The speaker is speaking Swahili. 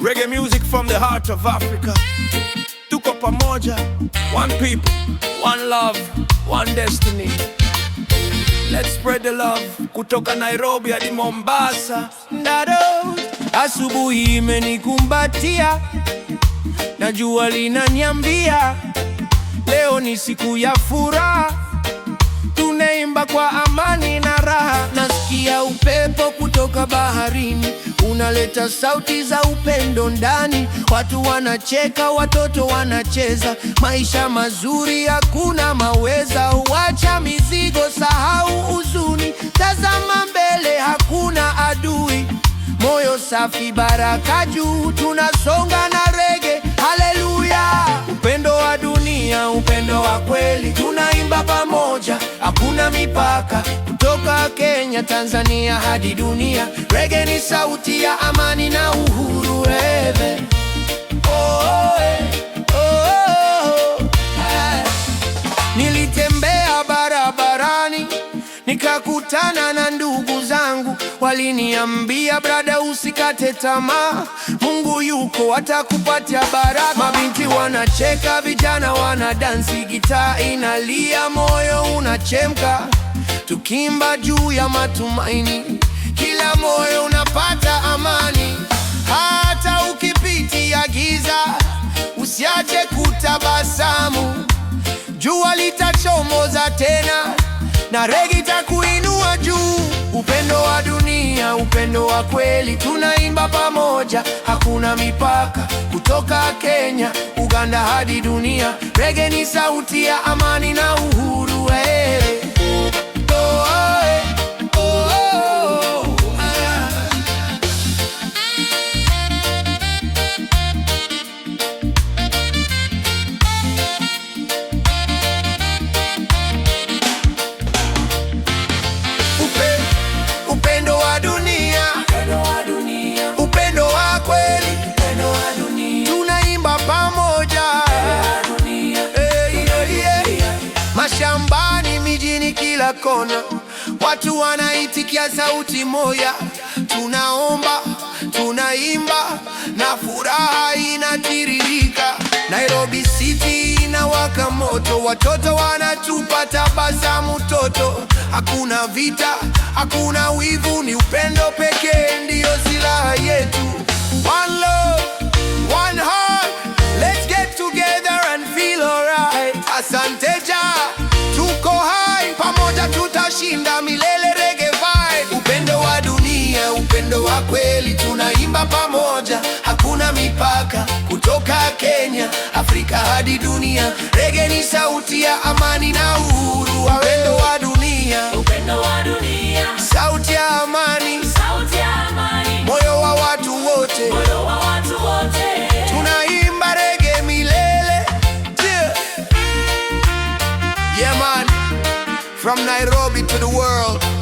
Reggae music from the heart of Africa. Tuko pamoja, one people, one love, one destiny. Let's spread the love kutoka Nairobi hadi Mombasa. Ndado, asubuhi imenikumbatia na jua linaniambia leo ni siku ya furaha, tunaimba kwa amani na raha. Nasikia upepo kutoka baharini unaleta sauti za upendo ndani, watu wanacheka, watoto wanacheza, maisha mazuri hakuna maweza. Huacha mizigo, sahau huzuni, tazama mbele, hakuna adui. Moyo safi, baraka juu, tunasonga na rege. Haleluya, upendo wa dunia, upendo wa kweli tuna kuimba pamoja, hakuna mipaka, kutoka Kenya, Tanzania hadi dunia. Reggae ni sauti ya amani na uhuru. Eve oh, oh, oh, oh. Nilitembea barabarani nikakutana na ndugu zangu, waliniambia brada, usikate tamaa, Mungu yuko atakupatia baraka wanacheka, vijana wana dansi gitaa inalia, moyo unachemka, tukimba juu ya matumaini, kila moyo unapata amani. Hata ukipitia giza, usiache kutabasamu, jua litachomoza tena na regi itakuinua juu. Upendo wa dunia, upendo wa kweli, tunaimba pamoja, hakuna mipaka kutoka Kenya, Uganda hadi dunia. Reggae ni sauti ya amani na kona, watu wanaitikia sauti moya, tunaomba, tunaimba na furaha inatiririka. Nairobi City inawaka moto, watoto wanatupa tabasamu toto. Hakuna vita, hakuna wivu, ni upendo pekee ndiyo silaha yetu. One love. hadi dunia. Reggae ni sauti ya amani na uhuru wa wendo wa dunia, upendo wa dunia, sauti ya amani, sauti ya amani, moyo wa watu wote, moyo wa watu wote. Tunaimba reggae milele yeah. Yeah, man. From Nairobi to the world